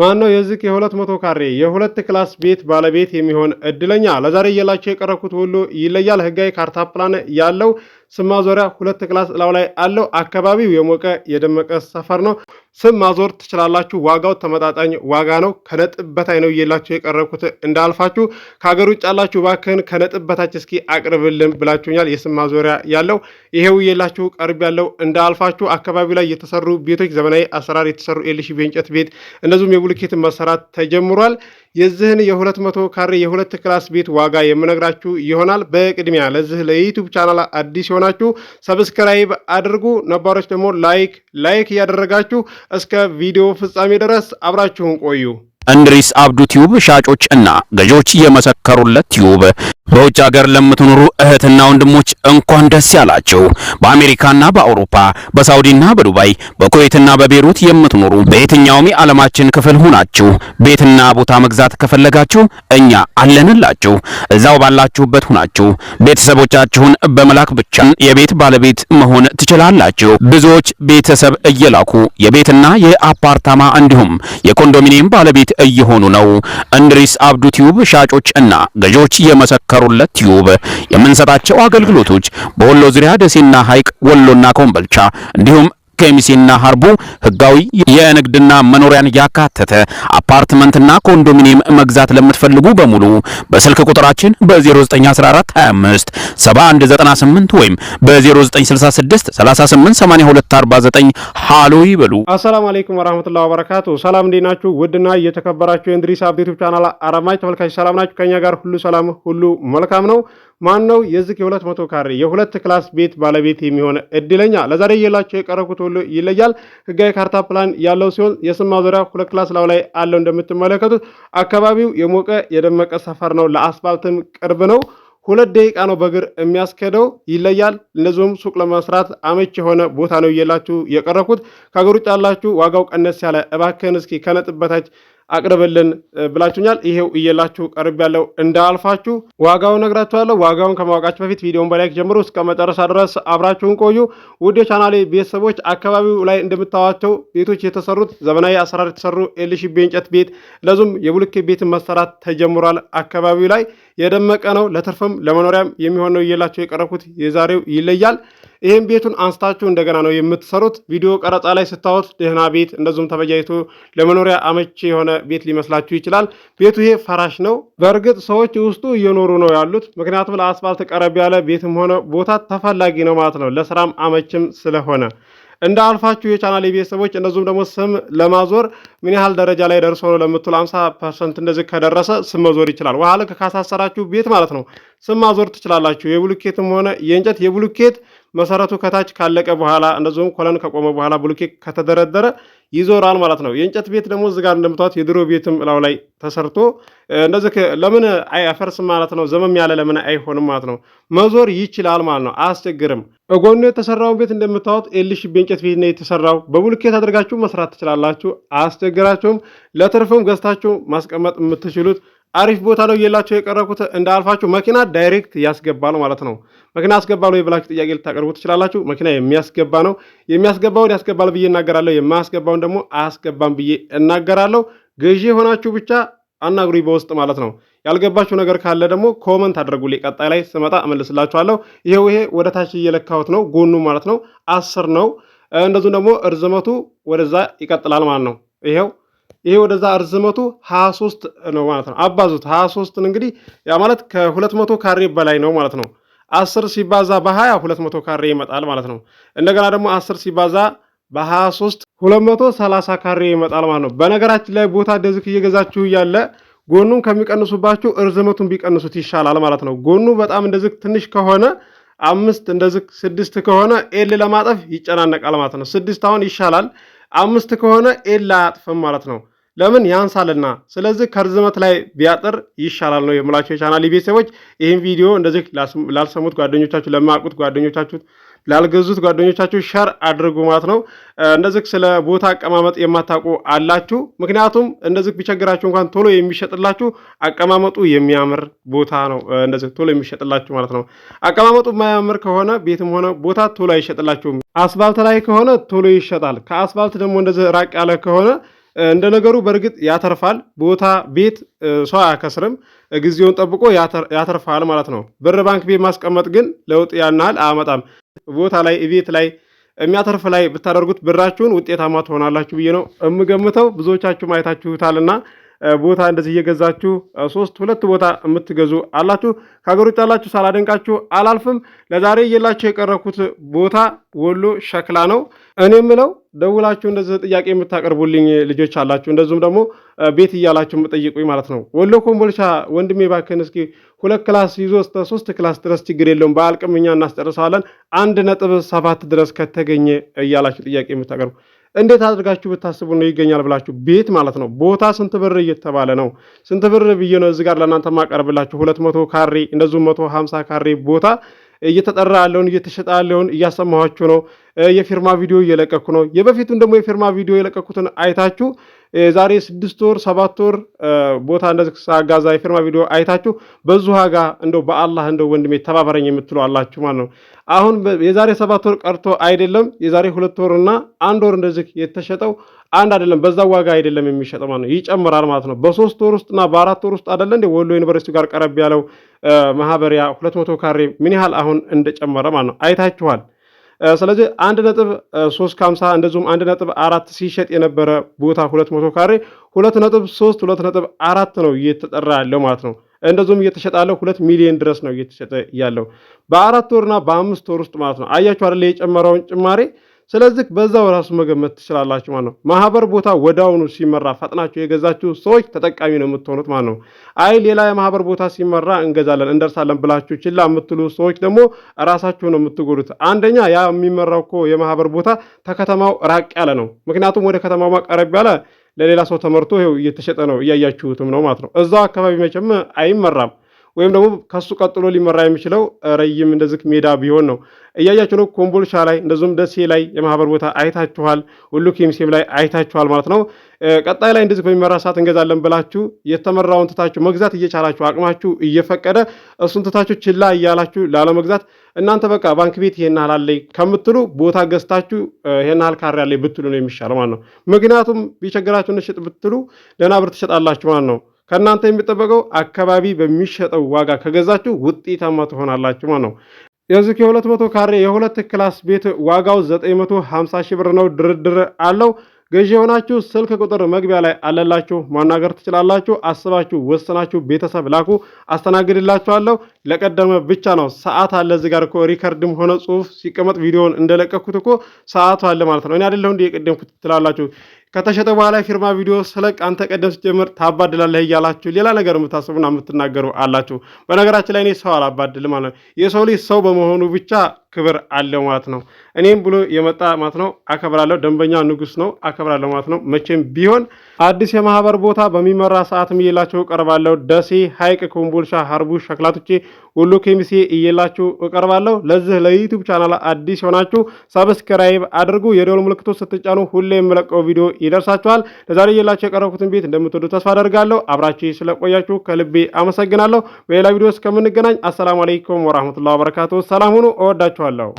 ማነው የዚህ የሁለት መቶ ካሬ የሁለት ክላስ ቤት ባለቤት የሚሆን እድለኛ? ለዛሬ እየላቸው የቀረብኩት ሁሉ ይለያል። ህጋዊ ካርታ ፕላን ያለው ስማ ዙሪያ ሁለት ክላስ እላው ላይ አለው። አካባቢው የሞቀ የደመቀ ሰፈር ነው። ስም ማዞር ትችላላችሁ። ዋጋው ተመጣጣኝ ዋጋ ነው። ከነጥብ በታይ ነው እየላችሁ የቀረብኩት እንዳልፋችሁ። ከሀገር ውጭ ያላችሁ ባክህን ከነጥብ በታች እስኪ አቅርብልን ብላችሁኛል። የስም ማዞሪያ ያለው ይሄው እየላችሁ ቀርብ ያለው እንዳልፋችሁ። አካባቢ ላይ የተሰሩ ቤቶች፣ ዘመናዊ አሰራር የተሰሩ ኤልሺ የእንጨት ቤት እንደዚሁም የብሎኬት መሰራት ተጀምሯል። የዚህን የ200 ካሬ የሁለት ክላስ ቤት ዋጋ የምነግራችሁ ይሆናል። በቅድሚያ ለዚህ ለዩቱብ ቻናል አዲስ የሆናችሁ ሰብስክራይብ አድርጉ፣ ነባሮች ደግሞ ላይክ ላይክ እያደረጋችሁ እስከ ቪዲዮ ፍጻሜ ድረስ አብራችሁን ቆዩ። እንድሪስ አብዱ ቲዩብ ሻጮች እና ገዢዎች የመሰከሩለት ቲዩብ በውጭ ሀገር ለምትኖሩ እህትና ወንድሞች እንኳን ደስ ያላችሁ። በአሜሪካና በአውሮፓ በሳውዲና በዱባይ በኩዌትና በቤሩት የምትኖሩ በየትኛውም የዓለማችን ክፍል ሁናችሁ ቤትና ቦታ መግዛት ከፈለጋችሁ እኛ አለንላችሁ። እዛው ባላችሁበት ሁናችሁ ቤተሰቦቻችሁን በመላክ ብቻ የቤት ባለቤት መሆን ትችላላችሁ። ብዙዎች ቤተሰብ እየላኩ የቤትና የአፓርታማ እንዲሁም የኮንዶሚኒየም ባለቤት እየሆኑ ነው። እንድሪስ አብዱ ቲዩብ ሻጮች እና ገዢዎች የመሰከሩለት ቲዩብ የምንሰጣቸው አገልግሎቶች በወሎ ዙሪያ ደሴና ሐይቅ፣ ወሎና ኮምበልቻ እንዲሁም ከሚሴና ሀርቡ ህጋዊ የንግድና መኖሪያን ያካተተ አፓርትመንትና ኮንዶሚኒየም መግዛት ለምትፈልጉ በሙሉ በስልክ ቁጥራችን በ0914 25 7198 ወይም በ0966 388249 ሃሎ ይበሉ። አሰላሙ አለይኩም ወራህመቱላሂ ወበረካቱ። ሰላም እንዴት ናችሁ? ውድና እየተከበራችሁ የእንድሪስ አብዴት ቻናል አራማጅ ተመልካች ሰላም ናችሁ? ከኛ ጋር ሁሉ ሰላም ሁሉ መልካም ነው። ማን ነው የዚህ የሁለት መቶ ካሬ የሁለት ክላስ ቤት ባለቤት የሚሆነ እድለኛ? ለዛሬ የላቸው የቀረብኩት ሁሉ ይለያል። ህጋዊ ካርታ ፕላን ያለው ሲሆን የስማ ዙሪያ ሁለት ክላስ ላው ላይ አለው። እንደምትመለከቱት አካባቢው የሞቀ የደመቀ ሰፈር ነው። ለአስፋልትም ቅርብ ነው። ሁለት ደቂቃ ነው በእግር የሚያስኬደው። ይለያል። እንደዚሁም ሱቅ ለመስራት አመች የሆነ ቦታ ነው እየላችሁ የቀረብኩት። ከሀገር ውጭ ያላችሁ ዋጋው ቀነስ ያለ እባክህን እስኪ ከነጥብ በታች አቅርብልን ብላችሁኛል። ይሄው እየላችሁ ቀርብ ያለው እንዳልፋችሁ ዋጋውን ነግራችኋለሁ። ዋጋውን ከማወቃችሁ በፊት ቪዲዮን በላይክ ጀምሮ እስከ መጨረሻ ድረስ አብራችሁን ቆዩ። ውድ ቻናሌ ቤተሰቦች አካባቢው ላይ እንደምታዋቸው ቤቶች የተሰሩት ዘመናዊ አሰራር የተሰሩ ኤልሺ እንጨት ቤት ለዙም የቡልኬ ቤትን መሰራት ተጀምሯል አካባቢው ላይ የደመቀ ነው። ለትርፍም ለመኖሪያም የሚሆን ነው እየላቸው የቀረብኩት የዛሬው ይለያል። ይህም ቤቱን አንስታችሁ እንደገና ነው የምትሰሩት። ቪዲዮ ቀረጻ ላይ ስታወት ደህና ቤት እንደዚሁም ተበጃጅቶ ለመኖሪያ አመቺ የሆነ ቤት ሊመስላችሁ ይችላል። ቤቱ ይሄ ፈራሽ ነው። በእርግጥ ሰዎች ውስጡ እየኖሩ ነው ያሉት። ምክንያቱም ለአስፋልት ቀረብ ያለ ቤትም ሆነ ቦታ ተፈላጊ ነው ማለት ነው። ለስራም አመችም ስለሆነ እንዳልፋችሁ የቻናል ቤተሰቦች፣ እንደዚሁም ደግሞ ስም ለማዞር ምን ያህል ደረጃ ላይ ደርሶ ነው ለምትሉ 50 ፐርሰንት እንደዚህ ከደረሰ ስም መዞር ይችላል። ውሃ ልክ ካሳሰራችሁ ቤት ማለት ነው ስም ማዞር ትችላላችሁ። የብሉኬትም ሆነ የእንጨት የብሉኬት መሰረቱ ከታች ካለቀ በኋላ እንደዚሁም ኮለን ከቆመ በኋላ ብሎኬት ከተደረደረ ይዞራል ማለት ነው። የእንጨት ቤት ደግሞ እዚህ ጋር እንደምታዩት የድሮ ቤትም እላው ላይ ተሰርቶ እንደዚህ ለምን አይፈርስም ማለት ነው። ዘመም ያለ ለምን አይሆንም ማለት ነው። መዞር ይችላል ማለት ነው። አያስቸግርም። ጎኑ የተሰራውን ቤት እንደምታዩት ኤልሽ በእንጨት ቤት ነው የተሰራው። በብሎኬት አድርጋችሁ መስራት ትችላላችሁ። አያስቸግራችሁም። ለትርፍም ገዝታችሁ ማስቀመጥ የምትችሉት አሪፍ ቦታ ላይ የላቸው የቀረብኩት እንዳልፋችሁ መኪና ዳይሬክት ያስገባል ማለት ነው። መኪና ያስገባል ወይ ጥያቄ ልታቀርቡ ትችላላችሁ። መኪና የሚያስገባ ነው። የሚያስገባውን ያስገባል ብዬ እናገራለሁ። የማያስገባውን ደግሞ አያስገባም ብዬ እናገራለሁ። ገዢ የሆናችሁ ብቻ አናግሩ በውስጥ ማለት ነው። ያልገባችሁ ነገር ካለ ደግሞ ኮመንት አድርጉልኝ። ቀጣይ ላይ ስመጣ እመልስላችኋለሁ። ይሄው ይሄ ወደ ታች እየለካሁት ነው፣ ጎኑ ማለት ነው አስር ነው። እንደዚሁም ደግሞ እርዝመቱ ወደዛ ይቀጥላል ማለት ነው ይሄው ይሄ ወደዛ እርዝመቱ 23 ነው ማለት ነው። አባዙት 23 እንግዲህ ያ ማለት ከ200 ካሬ በላይ ነው ማለት ነው። 10 ሲባዛ በ20 200 ካሬ ይመጣል ማለት ነው። እንደገና ደግሞ 10 ሲባዛ በ23 230 ካሬ ይመጣል ማለት ነው። በነገራችን ላይ ቦታ ደዝክ እየገዛችሁ እያለ ጎኑን ከሚቀንሱባችሁ እርዝመቱን ቢቀንሱት ይሻላል ማለት ነው። ጎኑ በጣም እንደዚህ ትንሽ ከሆነ አምስት እንደዚህ ስድስት ከሆነ ኤል ለማጠፍ ይጨናነቃል ማለት ነው። ስድስት አሁን ይሻላል። አምስት ከሆነ ኤል አያጥፍም ማለት ነው። ለምን ያንሳልና። ስለዚህ ከርዝመት ላይ ቢያጥር ይሻላል ነው የምላቸው የቻናል ቤተሰቦች። ይህን ቪዲዮ እንደዚህ ላልሰሙት ጓደኞቻችሁ፣ ለማያውቁት ጓደኞቻችሁ ላልገዙት ጓደኞቻችሁ ሸር አድርጉ ማለት ነው። እንደዚህ ስለ ቦታ አቀማመጥ የማታውቁ አላችሁ። ምክንያቱም እንደዚህ ቢቸግራችሁ እንኳን ቶሎ የሚሸጥላችሁ አቀማመጡ የሚያምር ቦታ ነው። እንደዚህ ቶሎ የሚሸጥላችሁ ማለት ነው። አቀማመጡ የማያምር ከሆነ ቤትም ሆነ ቦታ ቶሎ አይሸጥላችሁም። አስፋልት ላይ ከሆነ ቶሎ ይሸጣል። ከአስፋልት ደግሞ እንደዚህ ራቅ ያለ ከሆነ እንደ ነገሩ በእርግጥ ያተርፋል። ቦታ ቤት ሰው አያከስርም። ጊዜውን ጠብቆ ያተርፋል ማለት ነው። ብር ባንክ ቤት ማስቀመጥ ግን ለውጥ ያናል አያመጣም። ቦታ ላይ ቤት ላይ የሚያተርፍ ላይ ብታደርጉት ብራችሁን ውጤታማ ትሆናላችሁ ብዬ ነው የምገምተው። ብዙዎቻችሁ አይታችሁታልና ቦታ እንደዚህ እየገዛችሁ ሶስት ሁለት ቦታ የምትገዙ አላችሁ። ከሀገር ውጭ ያላችሁ ሳላደንቃችሁ አላልፍም። ለዛሬ እየላችሁ የቀረብኩት ቦታ ወሎ ሸክላ ነው። እኔ የምለው ደውላችሁ እንደዚህ ጥያቄ የምታቀርቡልኝ ልጆች አላችሁ፣ እንደዚሁም ደግሞ ቤት እያላችሁ የምጠይቁኝ ማለት ነው። ወሎ ኮምቦልቻ ወንድሜ ባክን እስኪ ሁለት ክላስ ይዞ እስከ ሶስት ክላስ ድረስ ችግር የለውም በአልቅምኛ እኛ እናስጨርሰዋለን አንድ ነጥብ ሰባት ድረስ ከተገኘ እያላችሁ ጥያቄ የምታቀርቡ እንዴት አድርጋችሁ ብታስቡ ነው ይገኛል ብላችሁ ቤት ማለት ነው። ቦታ ስንት ብር እየተባለ ነው? ስንት ብር ብዬ ነው እዚህ ጋር ለእናንተ ማቀርብላችሁ? ሁለት መቶ ካሬ እንደዚሁም መቶ ሀምሳ ካሬ ቦታ እየተጠራ ያለውን እየተሸጠ ያለውን እያሰማኋችሁ ነው። የፊርማ ቪዲዮ እየለቀኩ ነው። የበፊቱን ደግሞ የፊርማ ቪዲዮ የለቀኩትን አይታችሁ የዛሬ ስድስት ወር ሰባት ወር ቦታ እንደዚህ ሳጋዛ የፊርማ ቪዲዮ አይታችሁ በዙ ሀጋ እንደው በአላህ እንደው ወንድሜ ተባበረኝ የምትሉ አላችሁ ማለት ነው። አሁን የዛሬ ሰባት ወር ቀርቶ አይደለም የዛሬ ሁለት ወር እና አንድ ወር እንደዚህ የተሸጠው አንድ አይደለም፣ በዛ ዋጋ አይደለም የሚሸጠው ማለት ነው። ይጨምራል ማለት ነው። በሶስት ወር ውስጥና በአራት ወር ውስጥ አይደለ እንደ ወሎ ዩኒቨርሲቲ ጋር ቀረብ ያለው ማህበሪያ ሁለት መቶ ካሬ ምን ያህል አሁን እንደጨመረ ማለት ነው። አይታችኋል። ስለዚህ አንድ ነጥብ ሶስት ከሀምሳ እንደዚሁም አንድ ነጥብ አራት ሲሸጥ የነበረ ቦታ ሁለት መቶ ካሬ ሁለት ነጥብ ሶስት ሁለት ነጥብ አራት ነው እየተጠራ ያለው ማለት ነው። እንደዚሁም እየተሸጠ ያለው ሁለት ሚሊዮን ድረስ ነው እየተሸጠ ያለው በአራት ወርና በአምስት ወር ውስጥ ማለት ነው። አያችሁ አይደለ የጨመረውን ጭማሬ ስለዚህ በዛው ራሱ መገመት ትችላላችሁ ማለት ነው። ማህበር ቦታ ወዳውኑ ሲመራ ፈጥናችሁ የገዛችሁ ሰዎች ተጠቃሚ ነው የምትሆኑት ማለት ነው። አይ ሌላ የማህበር ቦታ ሲመራ እንገዛለን እንደርሳለን ብላችሁ ችላ የምትሉ ሰዎች ደግሞ ራሳችሁ ነው የምትጎዱት። አንደኛ ያ የሚመራው እኮ የማህበር ቦታ ተከተማው ራቅ ያለ ነው። ምክንያቱም ወደ ከተማው ማቀረብ ያለ ለሌላ ሰው ተመርቶ ይኸው እየተሸጠ ነው እያያችሁትም ነው ማለት ነው። እዛው አካባቢ መቼም አይመራም። ወይም ደግሞ ከሱ ቀጥሎ ሊመራ የሚችለው ረይም እንደዚህ ሜዳ ቢሆን ነው። እያያችሁ ነው። ኮምቦልሻ ላይ እንደዚሁም ደሴ ላይ የማህበር ቦታ አይታችኋል። ሁሉ ኬሚሴም ላይ አይታችኋል ማለት ነው። ቀጣይ ላይ እንደዚህ በሚመራ ሰዓት እንገዛለን ብላችሁ የተመራውን ትታችሁ መግዛት እየቻላችሁ አቅማችሁ እየፈቀደ እሱን ትታችሁ ችላ እያላችሁ ላለመግዛት እናንተ በቃ ባንክ ቤት ይሄን ያህል አለኝ ከምትሉ ቦታ ገዝታችሁ ይሄን ያህል ካሬ አለኝ ብትሉ ነው የሚሻለው ማለት ነው። ምክንያቱም ቢቸግራችሁ እንሽጥ ብትሉ ደህና ብር ትሸጣላችሁ ማለት ነው። ከእናንተ የሚጠበቀው አካባቢ በሚሸጠው ዋጋ ከገዛችሁ ውጤታማ ትሆናላችሁ ማለት ነው። የዚህ የሁለት መቶ ካሬ የሁለት ክላስ ቤት ዋጋው 950 ሺህ ብር ነው። ድርድር አለው። ገዢ የሆናችሁ ስልክ ቁጥር መግቢያ ላይ አለላችሁ፣ ማናገር ትችላላችሁ። አስባችሁ ወስናችሁ ቤተሰብ ላኩ፣ አስተናግድላችኋለሁ። ለቀደመ ብቻ ነው። ሰዓት አለ እዚህ ጋር እኮ ሪከርድም ሆነ ጽሁፍ ሲቀመጥ ቪዲዮን እንደለቀኩት እኮ ሰዓቱ አለ ማለት ነው። እኔ አደለሁ እንዲ የቀደምኩት ትላላችሁ። ከተሸጠ በኋላ የፊርማ ቪዲዮ ስለቅ አንተ ቀደም ስትጀምር ታባድላለህ እያላችሁ ሌላ ነገር የምታስቡና የምትናገሩ አላችሁ። በነገራችን ላይ እኔ ሰው አላባድል ማለት ነው። የሰው ልጅ ሰው በመሆኑ ብቻ ክብር አለ ማለት ነው። እኔም ብሎ የመጣ ማለት ነው አከብራለሁ። ደንበኛ ንጉስ ነው አከብራለሁ ማለት ነው። መቼም ቢሆን አዲስ የማህበር ቦታ በሚመራ ሰዓትም እየላቸው ቀርባለሁ። ደሴ፣ ሀይቅ፣ ኮምቦልሻ፣ ሀርቡ፣ ሸክላቶቼ ሁሉ ኬሚሴ እየላችሁ እቀርባለሁ። ለዚህ ለዩቱብ ቻናል አዲስ የሆናችሁ ሰብስክራይብ አድርጉ። የደወል ምልክቱ ስትጫኑ ሁሌ የምለቀው ቪዲዮ ይደርሳችኋል። ለዛሬ እየላችሁ የቀረብኩትን ቤት እንደምትወዱ ተስፋ አደርጋለሁ። አብራችሁ ስለቆያችሁ ከልቤ አመሰግናለሁ። በሌላ ቪዲዮ እስከምንገናኝ አሰላሙ አለይኩም ወራህመቱላሂ ወበረካቱ። ሰላም ሁኑ። እወዳችኋለሁ።